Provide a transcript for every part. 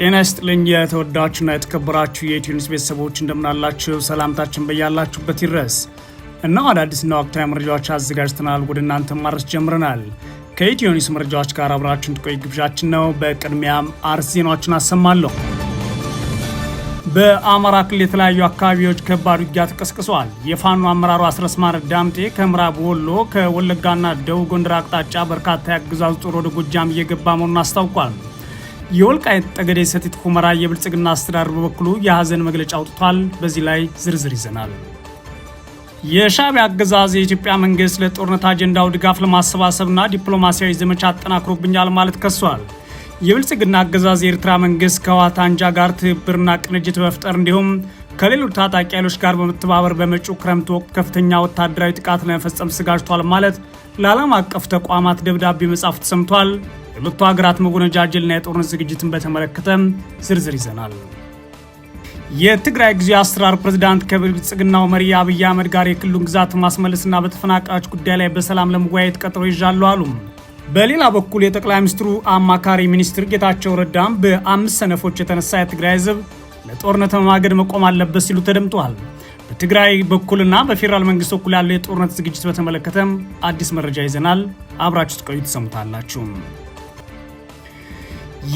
ጤና ይስጥልኝ የተወዳችሁና የተከበራችሁ የኢትዮኒስ ቤተሰቦች እንደምናላችሁ ሰላምታችን በያላችሁበት ይድረስ እና አዳዲስና ወቅታዊ መረጃዎች አዘጋጅተናል ወደ እናንተ ማድረስ ጀምረናል። ከኢትዮኒስ መረጃዎች ጋር አብራችሁ እንድትቆይ ግብዣችን ነው። በቅድሚያም አርስ ዜናዎችን አሰማለሁ። በአማራ ክልል የተለያዩ አካባቢዎች ከባድ ውጊያ ተቀስቅሷል። የፋኖ አመራሩ አስረስማር ዳምጤ ከምዕራብ ወሎ ከወለጋና ደቡብ ጎንደር አቅጣጫ በርካታ የአገዛዙ ጦር ወደ ጎጃም እየገባ መሆኑን አስታውቋል። የወልቃይት ጠገዴ ሰቲት ሁመራ የብልጽግና አስተዳደር በበኩሉ የሐዘን መግለጫ አውጥቷል። በዚህ ላይ ዝርዝር ይዘናል። የሻዕቢያ አገዛዝ የኢትዮጵያ መንግስት ለጦርነት አጀንዳው ድጋፍ ለማሰባሰብና ዲፕሎማሲያዊ ዘመቻ አጠናክሮብኛል ማለት ከሷል። የብልጽግና አገዛዝ የኤርትራ መንግስት ከህወሓት አንጃ ጋር ትብብርና ቅንጅት በመፍጠር እንዲሁም ከሌሎች ታጣቂ ኃይሎች ጋር በመተባበር በመጪው ክረምት ወቅት ከፍተኛ ወታደራዊ ጥቃት ለመፈጸም ስጋጅቷል ማለት ለዓለም አቀፍ ተቋማት ደብዳቤ መጻፍ ተሰምቷል። የሁለቱ ሀገራት መጎነጃጀልና የጦርነት ዝግጅትን በተመለከተ ዝርዝር ይዘናል። የትግራይ ጊዜያዊ አስተዳደር ፕሬዝዳንት ከብልጽግናው መሪ አብይ አህመድ ጋር የክልሉን ግዛት ማስመለስና በተፈናቃዮች ጉዳይ ላይ በሰላም ለመወያየት ቀጠሮ ይዣሉ አሉ። በሌላ በኩል የጠቅላይ ሚኒስትሩ አማካሪ ሚኒስትር ጌታቸው ረዳም በአምስት ሰነፎች የተነሳ የትግራይ ህዝብ ለጦርነት መማገድ መቆም አለበት ሲሉ ተደምጠዋል። በትግራይ በኩልና በፌዴራል መንግስት በኩል ያለው የጦርነት ዝግጅት በተመለከተም አዲስ መረጃ ይዘናል። አብራችሁ ቆዩ፣ ትሰሙታላችሁ።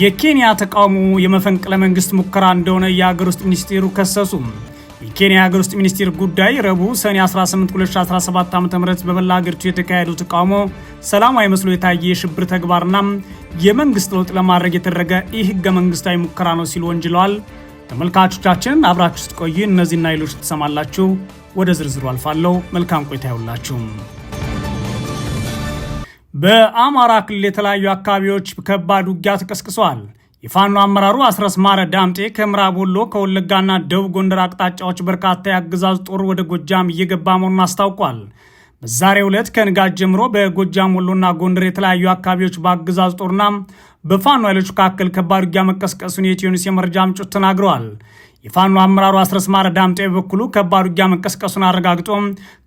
የኬንያ ተቃውሞ የመፈንቅለ መንግስት ሙከራ እንደሆነ የሀገር ውስጥ ሚኒስቴሩ ከሰሱ። የኬንያ የሀገር ውስጥ ሚኒስቴር ጉዳይ ረቡዕ ሰኔ 18 2017 ዓ ም በመላ ሀገሪቱ የተካሄደው ተቃውሞ ሰላማዊ መስሎ የታየ የሽብር ተግባርና የመንግስት ለውጥ ለማድረግ የተደረገ ይህ ህገ መንግስታዊ ሙከራ ነው ሲል ወንጅለዋል። ተመልካቾቻችን አብራችሁ ስትቆዩ እነዚህና ሌሎች ትሰማላችሁ። ወደ ዝርዝሩ አልፋለሁ። መልካም ቆይታ ይሁንላችሁ። በአማራ ክልል የተለያዩ አካባቢዎች ከባድ ውጊያ ተቀስቅሰዋል። የፋኖ አመራሩ ማረ ዳምጤ ከምዕራብ ወሎ ከወለጋና ደቡብ ጎንደር አቅጣጫዎች በርካታ የአገዛዝ ጦር ወደ ጎጃም እየገባ መሆኑን አስታውቋል። በዛሬው ዕለት ከንጋት ጀምሮ በጎጃም ወሎና ጎንደር የተለያዩ አካባቢዎች በአገዛዝ ጦርና በፋኖ ኃይሎች መካከል ከባድ ውጊያ መቀስቀሱን የኢትዮኒውስ የመረጃ ምንጮች ተናግረዋል። የፋኖ አመራሩ አስረስማረ ዳምጤ በበኩሉ ከባድ ውጊያ መቀስቀሱን አረጋግጦ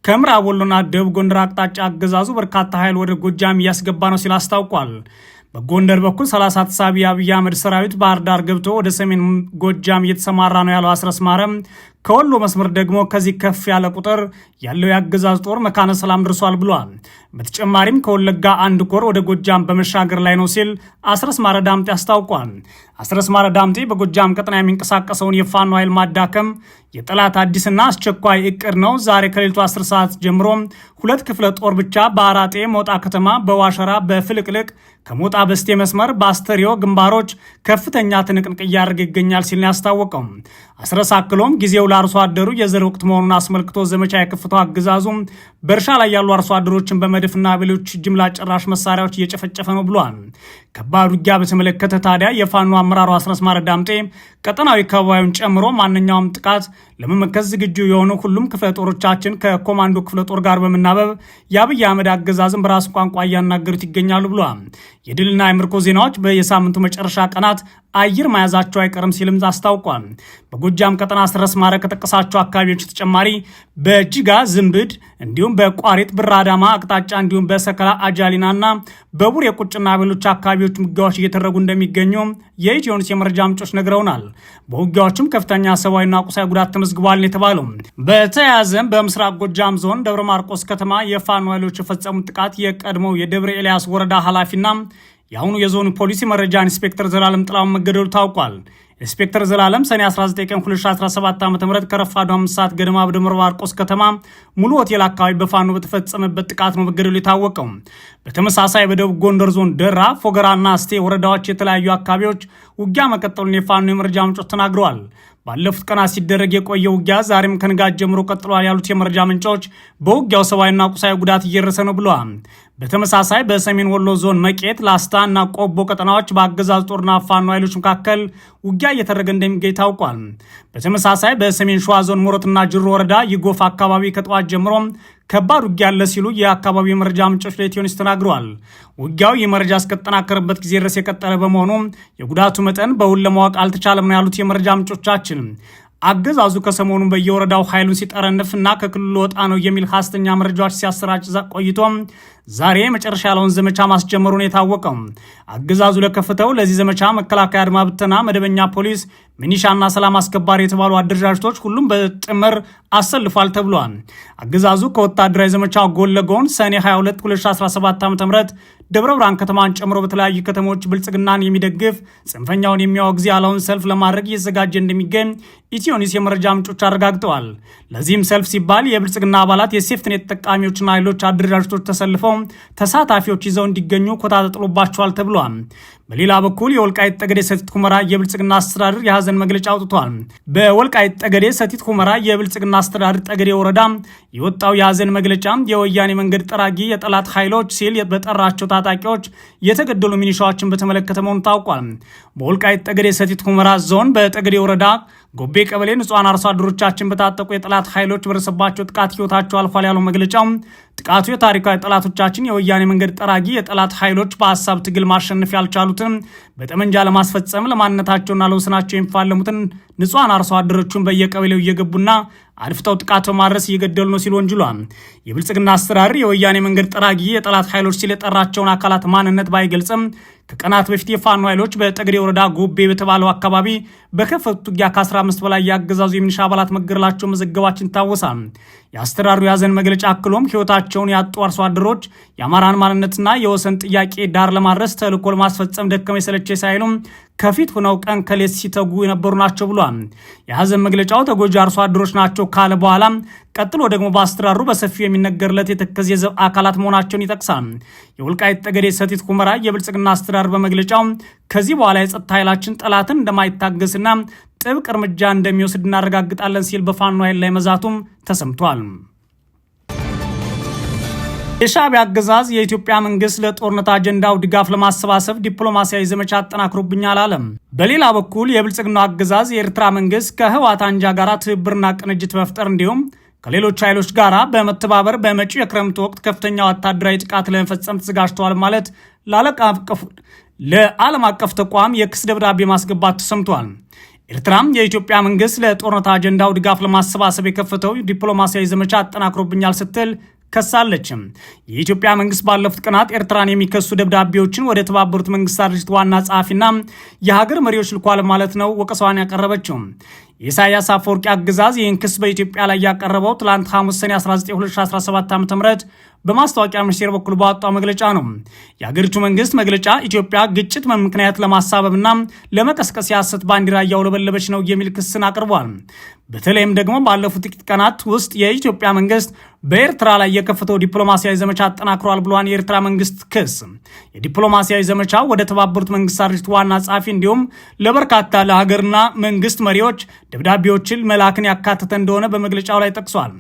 ከምዕራብ ወሎና ደቡብ ጎንደር አቅጣጫ አገዛዙ በርካታ ኃይል ወደ ጎጃም እያስገባ ነው ሲል አስታውቋል። በጎንደር በኩል 30 ተሳቢ የአብይ አህመድ ሰራዊት ባህር ዳር ገብቶ ወደ ሰሜን ጎጃም እየተሰማራ ነው ያለው አስረስማረም ከወሎ መስመር ደግሞ ከዚህ ከፍ ያለ ቁጥር ያለው የአገዛዝ ጦር መካነ ሰላም ደርሷል ብሏል። በተጨማሪም ከወለጋ አንድ ኮር ወደ ጎጃም በመሻገር ላይ ነው ሲል አስረስ ማረ ዳምጤ አስታውቋል። አስረስ ማረ ዳምጤ በጎጃም ቀጠና የሚንቀሳቀሰውን የፋኖ ኃይል ማዳከም የጠላት አዲስና አስቸኳይ እቅድ ነው። ዛሬ ከሌሊቱ 10 ሰዓት ጀምሮ ሁለት ክፍለ ጦር ብቻ በአራጤ ሞጣ ከተማ፣ በዋሸራ በፍልቅልቅ ከሞጣ በስቴ መስመር በአስተሪዮ ግንባሮች ከፍተኛ ትንቅንቅ እያደረገ ይገኛል ሲል ያስታወቀው አስረስ አክሎም ጊዜው ለአርሶ አደሩ የዘር ወቅት መሆኑን አስመልክቶ ዘመቻ የከፈተው አገዛዙም በእርሻ ላይ ያሉ አርሶ አደሮችን በመድፍና በሌሎች ጅምላ ጨራሽ መሳሪያዎች እየጨፈጨፈ ነው ብሏል። ከባድ ውጊያ በተመለከተ ታዲያ የፋኖ አመራሩ አስረስማረ ዳምጤ ቀጠናዊ ከበባዩን ጨምሮ ማንኛውም ጥቃት ለመመከት ዝግጁ የሆኑ ሁሉም ክፍለ ጦሮቻችን ከኮማንዶ ክፍለ ጦር ጋር በመናበብ የአብይ አህመድ አገዛዝን በራሱ ቋንቋ እያናገሩት ይገኛሉ ብሏል። የድልና የምርኮ ዜናዎች በየሳምንቱ መጨረሻ ቀናት አየር መያዛቸው አይቀርም ሲልም አስታውቋል። በጎጃም ቀጠና አስረስማረ ማረ ከጠቀሳቸው አካባቢዎች ተጨማሪ በጅጋ ዝምብድ እንዲሁም በቋሪት ብር አዳማ አቅጣጫ እንዲሁም በሰከላ አጃሊናና በቡሬ ቁጭና ቤሎች አካባቢዎች ውጊያዎች እየተደረጉ እንደሚገኙ የኢትዮንስ የመረጃ ምንጮች ነግረውናል። በውጊያዎችም ከፍተኛ ሰብአዊና ቁሳዊ ጉዳት ተመዝግቧል የተባለው። በተያያዘም በምስራቅ ጎጃም ዞን ደብረ ማርቆስ ከተማ የፋኖ ኃይሎች የፈጸሙት ጥቃት የቀድሞው የደብረ ኤልያስ ወረዳ ኃላፊና የአሁኑ የዞኑ ፖሊሲ መረጃ ኢንስፔክተር ዘላለም ጥላውን መገደሉ ታውቋል። ኢንስፔክተር ዘላለም ሰኔ 19 ቀን 2017 ዓ ም ከረፋዱ አምስት ሰዓት ገደማ በደብረ ማርቆስ ከተማ ሙሉ ሆቴል አካባቢ በፋኖ በተፈጸመበት ጥቃት ነው መገደሉ የታወቀው። በተመሳሳይ በደቡብ ጎንደር ዞን ደራ፣ ፎገራና አስቴ ወረዳዎች የተለያዩ አካባቢዎች ውጊያ መቀጠሉን የፋኖ የመረጃ ምንጮች ተናግረዋል። ባለፉት ቀናት ሲደረግ የቆየ ውጊያ ዛሬም ከንጋት ጀምሮ ቀጥሏል ያሉት የመረጃ ምንጮች በውጊያው ሰብአዊና ቁሳዊ ጉዳት እየደረሰ ነው ብለዋል። በተመሳሳይ በሰሜን ወሎ ዞን መቄት፣ ላስታ እና ቆቦ ቀጠናዎች በአገዛዝ ጦርና ፋኖ ኃይሎች መካከል ውጊያ እየተደረገ እንደሚገኝ ታውቋል። በተመሳሳይ በሰሜን ሸዋ ዞን ሞሮትና ጅሩ ወረዳ ይጎፍ አካባቢ ከጠዋት ጀምሮ ከባድ ውጊያ አለ ሲሉ የአካባቢው የመረጃ ምንጮች ለኢትዮ ተናግረዋል። ውጊያው የመረጃ መረጃ እስከተጠናከረበት ጊዜ ድረስ የቀጠለ በመሆኑ የጉዳቱ መጠን በውል ለማወቅ አልተቻለም ነው ያሉት የመረጃ ምንጮቻችን። አገዛዙ ከሰሞኑ በየወረዳው ኃይሉን ሲጠረንፍ እና ከክልሉ ወጣ ነው የሚል ሐሰተኛ መረጃዎች ሲያሰራጭ ቆይቶም ዛሬ መጨረሻ ያለውን ዘመቻ ማስጀመሩን የታወቀው አገዛዙ ለከፍተው ለዚህ ዘመቻ መከላከያ፣ አድማ ብተና፣ መደበኛ ፖሊስ፣ ሚኒሻና ሰላም አስከባሪ የተባሉ አደረጃጀቶች ሁሉም በጥምር አሰልፏል ተብሏል። አገዛዙ ከወታደራዊ ዘመቻው ጎን ለጎን ሰኔ 22 2017 ዓ ም ደብረ ብርሃን ከተማን ጨምሮ በተለያዩ ከተሞች ብልጽግናን የሚደግፍ ጽንፈኛውን የሚያወግዝ ያለውን ሰልፍ ለማድረግ እየተዘጋጀ እንደሚገኝ ኢትዮኒስ የመረጃ ምንጮች አረጋግጠዋል። ለዚህም ሰልፍ ሲባል የብልጽግና አባላት የሴፍትኔት ተጠቃሚዎችና ሌሎች አደረጃጀቶች ተሰልፈው ተሳታፊዎች ይዘው እንዲገኙ ኮታ ተጥሎባቸዋል ተብሏል። በሌላ በኩል የወልቃይት ጠገዴ ሰቲት ሁመራ የብልጽግና አስተዳደር የሀዘን መግለጫ አውጥቷል። በወልቃይት ጠገዴ ሰቲት ሁመራ የብልጽግና አስተዳደር ጠገዴ ወረዳ የወጣው የሀዘን መግለጫ የወያኔ መንገድ ጠራጊ የጠላት ኃይሎች ሲል በጠራቸው ታጣቂዎች የተገደሉ ሚኒሻዎችን በተመለከተ መሆኑ ታውቋል። በወልቃይት ጠገዴ ሰቲት ሁመራ ዞን በጠገዴ ወረዳ ጎቤ ቀበሌ ንጹሐን አርሶ አደሮቻችን በታጠቁ የጠላት ኃይሎች በደረሰባቸው ጥቃት ህይወታቸው አልፏል ያለው መግለጫው ጥቃቱ የታሪካዊ ጠላቶቻችን የወያኔ መንገድ ጠራጊ የጠላት ኃይሎች በሀሳብ ትግል ማሸነፍ ያልቻሉትን በጠመንጃ ለማስፈጸም ለማንነታቸውና ለወሰናቸው የሚፋለሙትን ንጹሐን አርሶ አደሮቹን በየቀበሌው እየገቡና አድፍጠው ጥቃት በማድረስ እየገደሉ ነው ሲል ወንጅሏል። የብልጽግና አሰራር የወያኔ መንገድ ጠራጊ የጠላት ኃይሎች ሲል የጠራቸውን አካላት ማንነት ባይገልጽም ከቀናት በፊት የፋኖ ኃይሎች በጠግዴ ወረዳ ጎቤ በተባለው አካባቢ በከፈቱት ውጊያ ከ15 በላይ የአገዛዙ የሚኒሻ አባላት መገደላቸው መዘገባችን ይታወሳል። የአስተዳደሩ የሐዘን መግለጫ አክሎም ሕይወታቸውን ያጡ አርሶ አደሮች የአማራን ማንነትና የወሰን ጥያቄ ዳር ለማድረስ ተልዕኮ ለማስፈጸም ደከመ ሰለቸኝ ሳይሉም ከፊት ሆነው ቀን ከሌት ሲተጉ የነበሩ ናቸው ብሏል። የሀዘን መግለጫው ተጎጂ አርሶ አደሮች ናቸው ካለ በኋላ ቀጥሎ ደግሞ በአስተራሩ በሰፊው የሚነገርለት የተከዝ የዘብ አካላት መሆናቸውን ይጠቅሳል። የወልቃይት ጠገዴ ሰቲት ሁመራ የብልጽግና አስተዳደር በመግለጫው ከዚህ በኋላ የጸጥታ ኃይላችን ጠላትን እንደማይታገስና ጥብቅ እርምጃ እንደሚወስድ እናረጋግጣለን ሲል በፋኖ ኃይል ላይ መዛቱም ተሰምቷል። የሻዕቢያ አገዛዝ የኢትዮጵያ መንግስት ለጦርነት አጀንዳው ድጋፍ ለማሰባሰብ ዲፕሎማሲያዊ ዘመቻ አጠናክሮብኛል አለም። በሌላ በኩል የብልጽግናው አገዛዝ የኤርትራ መንግስት ከህወሓት አንጃ ጋር ትብብርና ቅንጅት መፍጠር እንዲሁም ከሌሎች ኃይሎች ጋር በመተባበር በመጪው የክረምት ወቅት ከፍተኛ ወታደራዊ ጥቃት ለመፈጸም ተዘጋጅተዋል ማለት ለዓለም አቀፍ ተቋም የክስ ደብዳቤ ማስገባት ተሰምቷል። ኤርትራም የኢትዮጵያ መንግስት ለጦርነት አጀንዳው ድጋፍ ለማሰባሰብ የከፈተው ዲፕሎማሲያዊ ዘመቻ አጠናክሮብኛል ስትል ከሳለችም። የኢትዮጵያ መንግስት ባለፉት ቀናት ኤርትራን የሚከሱ ደብዳቤዎችን ወደ ተባበሩት መንግስታት ድርጅት ዋና ጸሐፊና የሀገር መሪዎች ልኳል ማለት ነው ወቀሳዋን ያቀረበችው። የኢሳያስ አፈወርቂ አገዛዝ ይህን ክስ በኢትዮጵያ ላይ ያቀረበው ትላንት ሐሙስ ሰኔ 19 2017 ዓ ም በማስታወቂያ ሚኒስቴር በኩል ባወጣው መግለጫ ነው። የአገሪቱ መንግስት መግለጫ ኢትዮጵያ ግጭት ምክንያት ለማሳበብና ለመቀስቀስ የሐሰት ባንዲራ እያውለበለበች ነው የሚል ክስን አቅርቧል። በተለይም ደግሞ ባለፉት ጥቂት ቀናት ውስጥ የኢትዮጵያ መንግስት በኤርትራ ላይ የከፈተው ዲፕሎማሲያዊ ዘመቻ አጠናክሯል ብሏን የኤርትራ መንግስት ክስ የዲፕሎማሲያዊ ዘመቻ ወደ ተባበሩት መንግስታት ድርጅት ዋና ጸሐፊ እንዲሁም ለበርካታ ለሀገርና መንግስት መሪዎች ደብዳቤዎችን መላክን ያካተተ እንደሆነ በመግለጫው ላይ ጠቅሷል።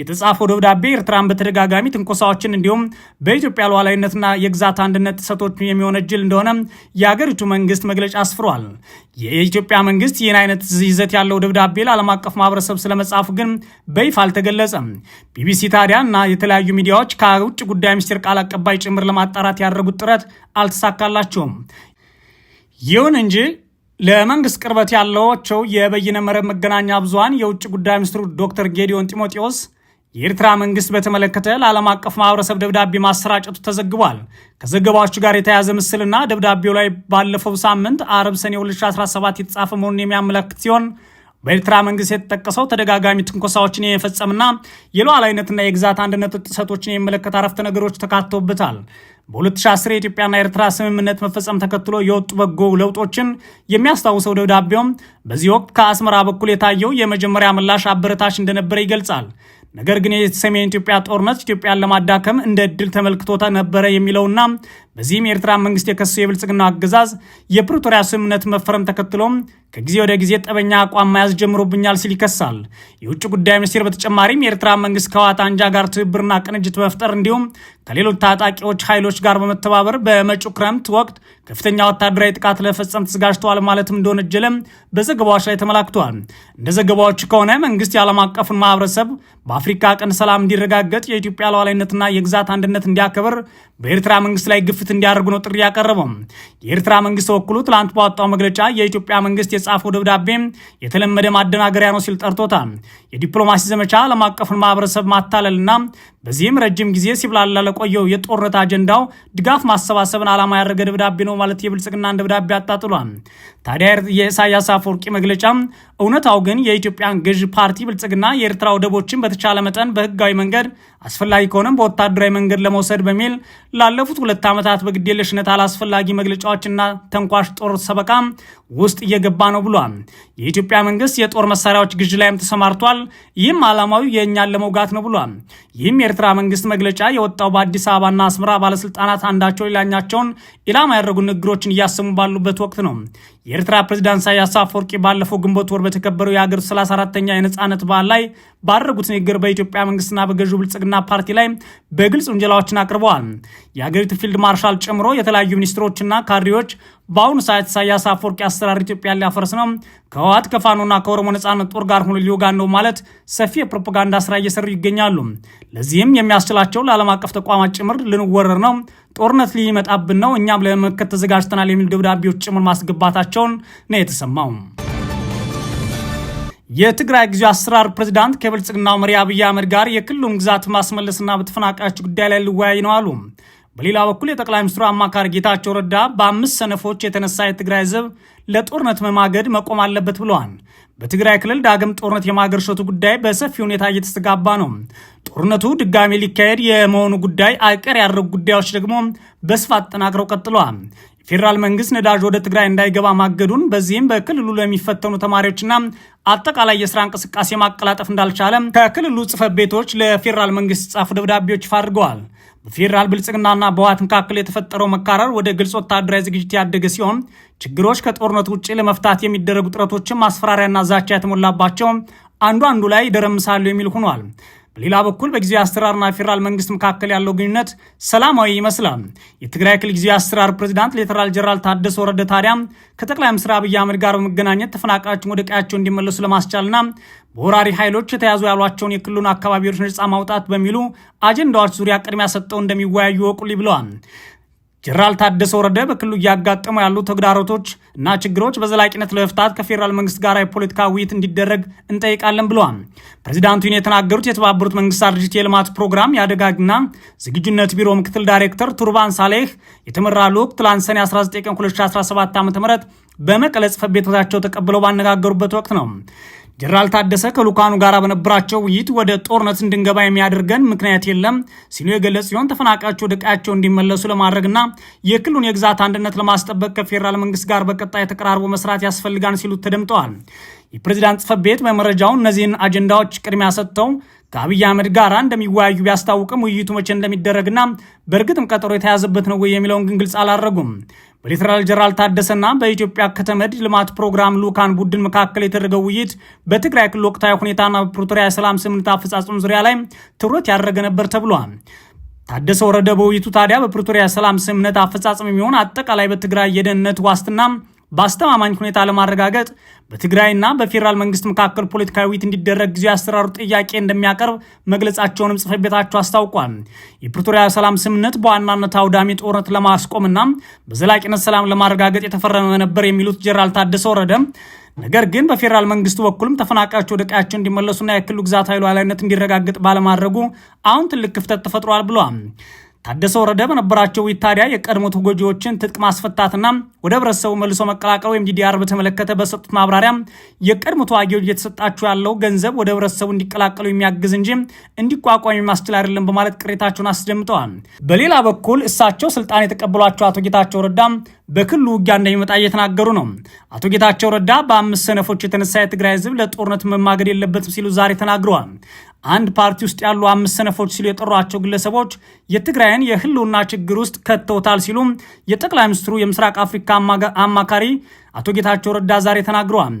የተጻፈው ደብዳቤ ኤርትራን በተደጋጋሚ ትንኮሳዎችን እንዲሁም በኢትዮጵያ ሉዓላዊነትና የግዛት አንድነት ጥሰቶች የሚወነጅል እንደሆነ የአገሪቱ መንግስት መግለጫ አስፍሯል። የኢትዮጵያ መንግስት ይህን አይነት ይዘት ያለው ደብዳቤ ለዓለም አቀፍ ማህበረሰብ ስለመጻፉ ግን በይፋ አልተገለጸም። ቢቢሲ ታዲያ እና የተለያዩ ሚዲያዎች ከውጭ ጉዳይ ሚኒስቴር ቃል አቀባይ ጭምር ለማጣራት ያደረጉት ጥረት አልተሳካላቸውም። ይሁን እንጂ ለመንግስት ቅርበት ያላቸው የበይነ መረብ መገናኛ ብዙሃን የውጭ ጉዳይ ሚኒስትሩ ዶክተር ጌዲዮን ጢሞቴዎስ የኤርትራ መንግስት በተመለከተ ለዓለም አቀፍ ማህበረሰብ ደብዳቤ ማሰራጨቱ ተዘግቧል። ከዘገባዎቹ ጋር የተያዘ ምስልና ደብዳቤው ላይ ባለፈው ሳምንት አርብ ሰኔ 2017 የተጻፈ መሆኑን የሚያመለክት ሲሆን በኤርትራ መንግስት የተጠቀሰው ተደጋጋሚ ትንኮሳዎችን የፈጸምና የሉዓላዊነትና የግዛት አንድነት ጥሰቶችን የሚመለከት አረፍተ ነገሮች ተካተውበታል። በ2010 የኢትዮጵያና ኤርትራ ስምምነት መፈጸም ተከትሎ የወጡ በጎ ለውጦችን የሚያስታውሰው ደብዳቤውም በዚህ ወቅት ከአስመራ በኩል የታየው የመጀመሪያ ምላሽ አበረታች እንደነበረ ይገልጻል። ነገር ግን የሰሜን ኢትዮጵያ ጦርነት ኢትዮጵያን ለማዳከም እንደ እድል ተመልክቶታ ነበረ የሚለውና በዚህም የኤርትራ መንግስት የከሰው የብልጽግና አገዛዝ የፕሪቶሪያ ስምምነት መፈረም ተከትሎም ከጊዜ ወደ ጊዜ ጠበኛ አቋም መያዝ ጀምሮብኛል ሲል ይከሳል። የውጭ ጉዳይ ሚኒስቴር በተጨማሪም የኤርትራ መንግስት ከህወሓት አንጃ ጋር ትብብርና ቅንጅት በመፍጠር እንዲሁም ከሌሎች ታጣቂዎች ኃይሎች ጋር በመተባበር በመጪው ክረምት ወቅት ከፍተኛ ወታደራዊ ጥቃት ለፈጸም ተዘጋጅተዋል ማለትም እንደወነጀለም በዘገባዎች ላይ ተመላክቷል። እንደ ዘገባዎች ከሆነ መንግስት የዓለም አቀፉን ማህበረሰብ በአፍሪካ ቀንድ ሰላም እንዲረጋገጥ የኢትዮጵያ ሉዓላዊነትና የግዛት አንድነት እንዲያከብር በኤርትራ መንግስት ላይ ግፍት ዝግጅት እንዲያደርጉ ነው ጥሪ ያቀረበው። የኤርትራ መንግስት በበኩሉ ትላንት ባወጣው መግለጫ የኢትዮጵያ መንግስት የጻፈው ደብዳቤ የተለመደ ማደናገሪያ ነው ሲል ጠርቶታል። የዲፕሎማሲ ዘመቻ ዓለም አቀፉን ማህበረሰብ ማታለልና በዚህም ረጅም ጊዜ ሲብላላ ለቆየው የጦርነት አጀንዳው ድጋፍ ማሰባሰብን ዓላማ ያደረገ ደብዳቤ ነው ማለት የብልጽግናን ደብዳቤ አጣጥሏል። ታዲያ የኢሳያስ አፈወርቂ መግለጫ እውነታው ግን የኢትዮጵያን ገዥ ፓርቲ ብልጽግና የኤርትራ ወደቦችን በተቻለ መጠን በህጋዊ መንገድ አስፈላጊ ከሆነም በወታደራዊ መንገድ ለመውሰድ በሚል ላለፉት ሁለት ዓመታት በግዴለሽነት አላስፈላጊ መግለጫዎችና ተንኳሽ ጦር ሰበቃ ውስጥ እየገባ ነው ብሏል። የኢትዮጵያ መንግስት የጦር መሳሪያዎች ግዥ ላይም ተሰማርቷል። ይህም አላማዊ የእኛን ለመውጋት ነው ብሏል። ይህም የኤርትራ መንግስት መግለጫ የወጣው በአዲስ አበባና አስመራ ባለስልጣናት አንዳቸው ሌላኛቸውን ኢላማ ያደረጉ ንግግሮችን እያሰሙ ባሉበት ወቅት ነው። የኤርትራ ፕሬዚዳንት ኢሳያስ አፈወርቂ ባለፈው ግንቦት ወር በተከበረው የሀገር 34ተኛ የነፃነት በዓል ላይ ባደረጉት ንግግር በኢትዮጵያ መንግስትና በገዢው ብልጽግና ፓርቲ ላይ በግልጽ ውንጀላዎችን አቅርበዋል። የሀገሪቱ ፊልድ ማርሻል ጨምሮ የተለያዩ ሚኒስትሮችና ካድሬዎች በአሁኑ ሰዓት ኢሳያስ አፈወርቂ አሰራር ኢትዮጵያን ሊያፈርስ ነው፣ ከህወሓት ከፋኖና ከኦሮሞ ነጻነት ጦር ጋር ሆኖ ሊወጋን ነው ማለት ሰፊ የፕሮፓጋንዳ ስራ እየሰሩ ይገኛሉ። ለዚህም የሚያስችላቸው ለዓለም አቀፍ ተቋማት ጭምር ልንወረር ነው ጦርነት ሊመጣብን ነው፣ እኛም ለመመከት ተዘጋጅተናል የሚል ደብዳቤዎች ጭምር ማስገባታቸውን ነው የተሰማው። የትግራይ ጊዜ አስተዳደር ፕሬዚዳንት ከብልጽግናው መሪ አብይ አህመድ ጋር የክልሉን ግዛት ማስመለስና በተፈናቃዮች ጉዳይ ላይ ልወያይ ነው አሉ። በሌላ በኩል የጠቅላይ ሚኒስትሩ አማካሪ ጌታቸው ረዳ በአምስት ሰነፎች የተነሳ የትግራይ ህዝብ ለጦርነት መማገድ መቆም አለበት ብለዋል። በትግራይ ክልል ዳግም ጦርነት የማገርሸቱ ጉዳይ በሰፊ ሁኔታ እየተስተጋባ ነው። ጦርነቱ ድጋሜ ሊካሄድ የመሆኑ ጉዳይ አቅር ያደረጉ ጉዳዮች ደግሞ በስፋት ተጠናክረው ቀጥለዋል። የፌዴራል መንግስት ነዳጅ ወደ ትግራይ እንዳይገባ ማገዱን፣ በዚህም በክልሉ ለሚፈተኑ ተማሪዎችና አጠቃላይ የስራ እንቅስቃሴ ማቀላጠፍ እንዳልቻለም ከክልሉ ጽሕፈት ቤቶች ለፌዴራል መንግስት ጻፉ ደብዳቤዎች ይፋ አድርገዋል። በፌዴራል ብልጽግናና በህወሓት መካከል የተፈጠረው መካረር ወደ ግልጽ ወታደራዊ ዝግጅት ያደገ ሲሆን ችግሮች ከጦርነት ውጭ ለመፍታት የሚደረጉ ጥረቶችን ማስፈራሪያና ዛቻ የተሞላባቸው አንዱ አንዱ ላይ ደረምሳሉ የሚል ሆኗል። በሌላ በኩል በጊዜ አሰራርና ፌዴራል መንግስት መካከል ያለው ግንኙነት ሰላማዊ ይመስላል። የትግራይ ክልል ጊዜ አስተዳደር ፕሬዚዳንት ሌተናል ጀነራል ታደሰ ወረደ ታዲያ ከጠቅላይ ሚኒስትር አብይ አህመድ ጋር በመገናኘት ተፈናቃዮችን ወደ ቀያቸው እንዲመለሱ ለማስቻልና በወራሪ ኃይሎች የተያዙ ያሏቸውን የክልሉን አካባቢዎች ነጻ ማውጣት በሚሉ አጀንዳዎች ዙሪያ ቅድሚያ ሰጠው እንደሚወያዩ ወቁልኝ ብለዋል። ጀነራል ታደሰ ወረደ በክልሉ እያጋጠሙ ያሉ ተግዳሮቶች እና ችግሮች በዘላቂነት ለመፍታት ከፌዴራል መንግስት ጋር የፖለቲካ ውይይት እንዲደረግ እንጠይቃለን ብለዋል። ፕሬዚዳንቱ ይህን የተናገሩት የተባበሩት መንግስታት ድርጅት የልማት ፕሮግራም የአደጋና ዝግጁነት ቢሮ ምክትል ዳይሬክተር ቱርባን ሳሌህ የተመራ ልዑክ ትላንት ሰኔ 19 ቀን 2017 ዓ ም በመቀለ ጽሕፈት ቤታቸው ተቀብለው ባነጋገሩበት ወቅት ነው። ጀነራል ታደሰ ከልኡካኑ ጋር በነበራቸው ውይይት ወደ ጦርነት እንድንገባ የሚያደርገን ምክንያት የለም ሲሉ የገለጽ ሲሆን ተፈናቃዮች ወደ ቀያቸው እንዲመለሱ ለማድረግና የክልሉን የግዛት አንድነት ለማስጠበቅ ከፌዴራል መንግስት ጋር በቀጣይ ተቀራርቦ መስራት ያስፈልጋል ሲሉ ተደምጠዋል። የፕሬዚዳንት ጽፈት ቤት በመረጃው እነዚህን አጀንዳዎች ቅድሚያ ሰጥተው ከአብይ አህመድ ጋር እንደሚወያዩ ቢያስታውቅም ውይይቱ መቼ እንደሚደረግና በእርግጥም ቀጠሮ የተያዘበት ነው ወይ የሚለውን ግን ግልጽ አላረጉም። በሌተናል ጀነራል ታደሰና በኢትዮጵያ ከተመድ ልማት ፕሮግራም ልዑካን ቡድን መካከል የተደረገው ውይይት በትግራይ ክልል ወቅታዊ ሁኔታና በፕሪቶሪያ የሰላም ስምምነት አፈጻጸም ዙሪያ ላይ ትኩረት ያደረገ ነበር ተብሏል። ታደሰ ወረደ በውይይቱ ታዲያ በፕሪቶሪያ ሰላም ስምምነት አፈጻጸም የሚሆን አጠቃላይ በትግራይ የደህንነት ዋስትና በአስተማማኝ ሁኔታ ለማረጋገጥ በትግራይና በፌዴራል መንግስት መካከል ፖለቲካዊ ውይይት እንዲደረግ ጊዜ አስተዳደሩ ጥያቄ እንደሚያቀርብ መግለጻቸውንም ጽሕፈት ቤታቸው አስታውቋል። የፕሪቶሪያ ሰላም ስምምነት በዋናነት አውዳሚ ጦርነት ለማስቆምና በዘላቂነት ሰላም ለማረጋገጥ የተፈረመ ነበር የሚሉት ጀነራል ታደሰ ወረደ ነገር ግን በፌዴራል መንግስቱ በኩልም ተፈናቃዮች ወደ ቀያቸው እንዲመለሱና የክልሉ ግዛታዊ ሉዓላዊነት እንዲረጋገጥ ባለማድረጉ አሁን ትልቅ ክፍተት ተፈጥሯል ብሏል። ታደሰ ወረደ በነበራቸው ውይይት ታዲያ የቀድሞ ተጎጂዎችን ትጥቅ ማስፈታትና ወደ ህብረተሰቡ መልሶ መቀላቀል ወይም ዲዲአር በተመለከተ በሰጡት ማብራሪያ የቀድሞ ተዋጊዎች እየተሰጣቸው ያለው ገንዘብ ወደ ህብረተሰቡ እንዲቀላቀሉ የሚያግዝ እንጂ እንዲቋቋም የሚያስችል አይደለም በማለት ቅሬታቸውን አስደምጠዋል። በሌላ በኩል እሳቸው ስልጣን የተቀበሏቸው አቶ ጌታቸው ረዳ በክልሉ ውጊያ እንደሚመጣ እየተናገሩ ነው። አቶ ጌታቸው ረዳ በአምስት ሰነፎች የተነሳ የትግራይ ህዝብ ለጦርነት መማገድ የለበትም ሲሉ ዛሬ ተናግረዋል። አንድ ፓርቲ ውስጥ ያሉ አምስት ሰነፎች ሲሉ የጠሯቸው ግለሰቦች የትግራይን የህልውና ችግር ውስጥ ከተውታል ሲሉም የጠቅላይ ሚኒስትሩ የምስራቅ አፍሪካ አማካሪ አቶ ጌታቸው ረዳ ዛሬ ተናግረዋል።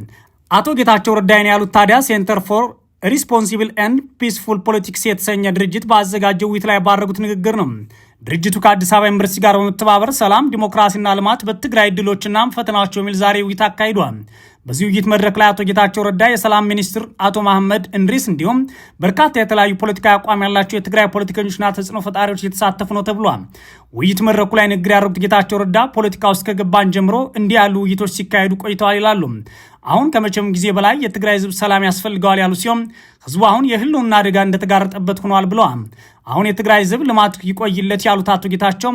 አቶ ጌታቸው ረዳይን ያሉት ታዲያ ሴንተር ፎር ሪስፖንሲብል ኤንድ ፒስፉል ፖለቲክስ የተሰኘ ድርጅት ባዘጋጀው ውይይት ላይ ባደረጉት ንግግር ነው። ድርጅቱ ከአዲስ አበባ ዩኒቨርሲቲ ጋር በመተባበር ሰላም፣ ዲሞክራሲና ልማት በትግራይ እድሎችና ፈተናቸው የሚል ዛሬ ውይይት አካሂዷል። በዚህ ውይይት መድረክ ላይ አቶ ጌታቸው ረዳ፣ የሰላም ሚኒስትር አቶ መሐመድ እንድሪስ እንዲሁም በርካታ የተለያዩ ፖለቲካዊ አቋም ያላቸው የትግራይ ፖለቲከኞችና ተጽዕኖ ፈጣሪዎች እየተሳተፉ ነው ተብሏል። ውይይት መድረኩ ላይ ንግግር ያደረጉት ጌታቸው ረዳ ፖለቲካ ውስጥ ከገባን ጀምሮ እንዲህ ያሉ ውይይቶች ሲካሄዱ ቆይተዋል ይላሉ። አሁን ከመቼም ጊዜ በላይ የትግራይ ህዝብ ሰላም ያስፈልገዋል ያሉ ሲሆን ህዝቡ አሁን የህልውና አደጋ እንደተጋረጠበት ሆኗል ብለዋል። አሁን የትግራይ ህዝብ ልማት ይቆይለት ያሉት አቶ ጌታቸው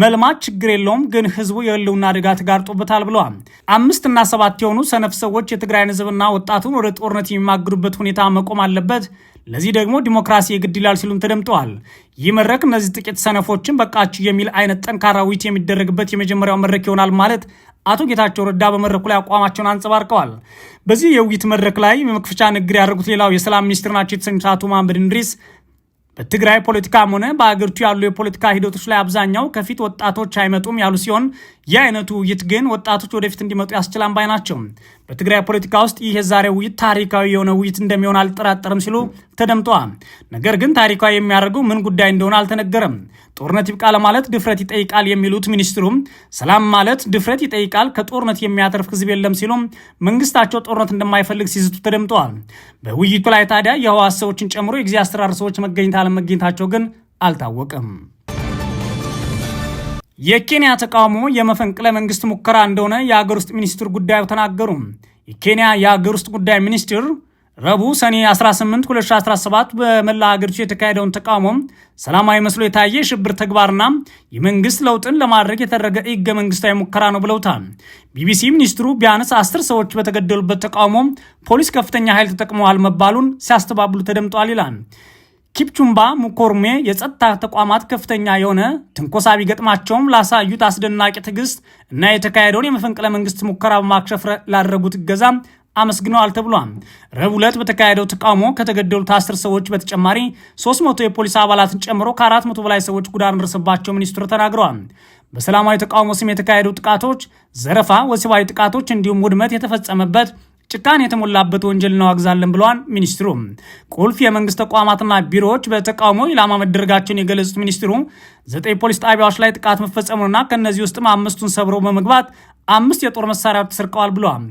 መልማት ችግር የለውም ግን ህዝቡ የህልውና አደጋ ተጋርጦበታል ብለዋል። አምስት እና ሰባት የሆኑ ሰነፍ ሰዎች የትግራይን ህዝብና ወጣቱን ወደ ጦርነት የሚማግዱበት ሁኔታ መቆም አለበት፣ ለዚህ ደግሞ ዲሞክራሲ የግድ ይላል ሲሉም ተደምጠዋል። ይህ መድረክ እነዚህ ጥቂት ሰነፎችን በቃችሁ የሚል አይነት ጠንካራ ውይይት የሚደረግበት የመጀመሪያው መድረክ ይሆናል ማለት አቶ ጌታቸው ረዳ በመድረኩ ላይ አቋማቸውን አንጸባርቀዋል። በዚህ የውይይት መድረክ ላይ በመክፈቻ ንግግር ያደረጉት ሌላው የሰላም ሚኒስትር ናቸው የተሰኙት አቶ መሐመድ እንድሪስ በትግራይ ፖለቲካም ሆነ በአገሪቱ ያሉ የፖለቲካ ሂደቶች ላይ አብዛኛው ከፊት ወጣቶች አይመጡም ያሉ ሲሆን ይህ አይነቱ ውይይት ግን ወጣቶች ወደፊት እንዲመጡ ያስችላል ባይ ናቸው። በትግራይ ፖለቲካ ውስጥ ይህ የዛሬ ውይይት ታሪካዊ የሆነ ውይይት እንደሚሆን አልጠራጠርም ሲሉ ተደምጠዋል። ነገር ግን ታሪካዊ የሚያደርገው ምን ጉዳይ እንደሆነ አልተነገረም። ጦርነት ይብቃ ለማለት ድፍረት ይጠይቃል የሚሉት ሚኒስትሩም ሰላም ማለት ድፍረት ይጠይቃል፣ ከጦርነት የሚያተርፍ ህዝብ የለም ሲሉም መንግስታቸው ጦርነት እንደማይፈልግ ሲዝቱ ተደምጠዋል። በውይይቱ ላይ ታዲያ የህወሓት ሰዎችን ጨምሮ የጊዜ አስተራር ሰዎች መገኘት አለመገኘታቸው ግን አልታወቀም። የኬንያ ተቃውሞ የመፈንቅለ መንግስት ሙከራ እንደሆነ የአገር ውስጥ ሚኒስትር ጉዳዩ ተናገሩ። የኬንያ የአገር ውስጥ ጉዳይ ሚኒስትር ረቡዕ ሰኔ 18 2017 በመላ ሀገሪቱ የተካሄደውን ተቃውሞ ሰላማዊ መስሎ የታየ የሽብር ተግባርና የመንግስት ለውጥን ለማድረግ የተደረገ ህገ መንግስታዊ ሙከራ ነው ብለውታል። ቢቢሲ ሚኒስትሩ ቢያንስ አስር ሰዎች በተገደሉበት ተቃውሞ ፖሊስ ከፍተኛ ኃይል ተጠቅመዋል መባሉን ሲያስተባብሉ ተደምጧል ይላል። ኪፕቹምባ ሙኮርሜ የጸጥታ ተቋማት ከፍተኛ የሆነ ትንኮሳ ቢገጥማቸውም ላሳዩት አስደናቂ ትዕግስት እና የተካሄደውን የመፈንቅለ መንግስት ሙከራ በማክሸፍ ላደረጉት እገዛ አመስግነዋል ተብሏል። ረቡዕ ዕለት በተካሄደው ተቃውሞ ከተገደሉት አስር ሰዎች በተጨማሪ 300 የፖሊስ አባላትን ጨምሮ ከ400 በላይ ሰዎች ጉዳት እንደደረሰባቸው ሚኒስትሩ ተናግረዋል። በሰላማዊ ተቃውሞ ስም የተካሄዱ ጥቃቶች ዘረፋ፣ ወሲባዊ ጥቃቶች እንዲሁም ውድመት የተፈጸመበት ጭካኔ የተሞላበት ወንጀል እናወግዛለን ብለዋል ሚኒስትሩ። ቁልፍ የመንግስት ተቋማትና ቢሮዎች በተቃውሞ ኢላማ መደረጋቸውን የገለጹት ሚኒስትሩ ዘጠኝ ፖሊስ ጣቢያዎች ላይ ጥቃት መፈጸሙንና ከእነዚህ ውስጥም አምስቱን ሰብረው በመግባት አምስት የጦር መሳሪያዎች ተሰርቀዋል ብለዋል።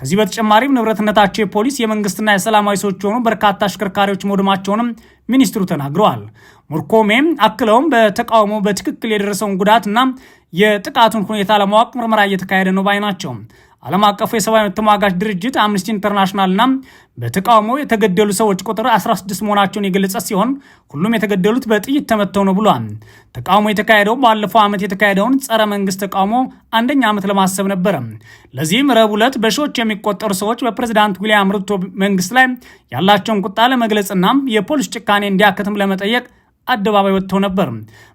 ከዚህ በተጨማሪም ንብረትነታቸው የፖሊስ የመንግስትና የሰላማዊ ሰዎች የሆኑ በርካታ አሽከርካሪዎች መውደማቸውንም ሚኒስትሩ ተናግረዋል። ሙርኮሜም አክለውም በተቃውሞ በትክክል የደረሰውን ጉዳትና የጥቃቱን ሁኔታ ለማወቅ ምርመራ እየተካሄደ ነው ባይ ናቸው። ዓለም አቀፉ የሰብአዊ መብት ተሟጋች ድርጅት አምነስቲ ኢንተርናሽናልና በተቃውሞ የተገደሉ ሰዎች ቁጥር 16 መሆናቸውን የገለጸ ሲሆን ሁሉም የተገደሉት በጥይት ተመተው ነው ብሏል። ተቃውሞ የተካሄደው ባለፈው ዓመት የተካሄደውን ጸረ መንግስት ተቃውሞ አንደኛ ዓመት ለማሰብ ነበረ። ለዚህም ረቡዕ ዕለት በሺዎች የሚቆጠሩ ሰዎች በፕሬዚዳንት ዊልያም ሩቶ መንግስት ላይ ያላቸውን ቁጣ ለመግለጽና የፖሊስ ጭካኔ እንዲያከትም ለመጠየቅ አደባባይ ወጥተው ነበር።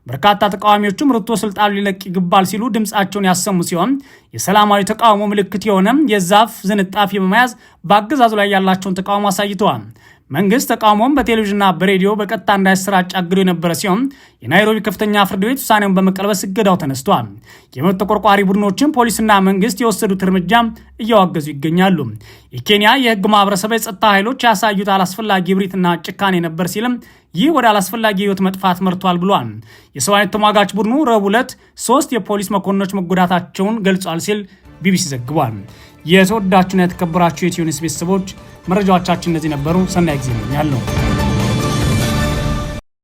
በርካታ ተቃዋሚዎችም ሩቶ ስልጣኑ ሊለቅ ይገባል ሲሉ ድምፃቸውን ያሰሙ ሲሆን የሰላማዊ ተቃውሞ ምልክት የሆነ የዛፍ ዝንጣፊ በመያዝ በአገዛዙ ላይ ያላቸውን ተቃውሞ አሳይተዋል። መንግስት ተቃውሞም በቴሌቪዥንና በሬዲዮ በቀጥታ እንዳይሰራጭ አግዶ የነበረ ሲሆን የናይሮቢ ከፍተኛ ፍርድ ቤት ውሳኔውን በመቀልበስ እገዳው ተነስቷል። የመብት ተቆርቋሪ ቡድኖችን ፖሊስና መንግስት የወሰዱት እርምጃ እያዋገዙ ይገኛሉ። የኬንያ የህግ ማህበረሰብ የጸጥታ ኃይሎች ያሳዩት አላስፈላጊ እብሪትና ጭካኔ ነበር ሲልም ይህ ወደ አላስፈላጊ ህይወት መጥፋት መርቷል ብሏል። የሰብአዊነት ተሟጋች ቡድኑ ረቡዕ ዕለት ሶስት የፖሊስ መኮንኖች መጎዳታቸውን ገልጿል ሲል ቢቢሲ ዘግቧል። የተወዳችሁና የተከበራችሁ የኢትዮ ኒውስ ቤተሰቦች መረጃዎቻችን እነዚህ ነበሩ። ሰናይ ጊዜ ያለው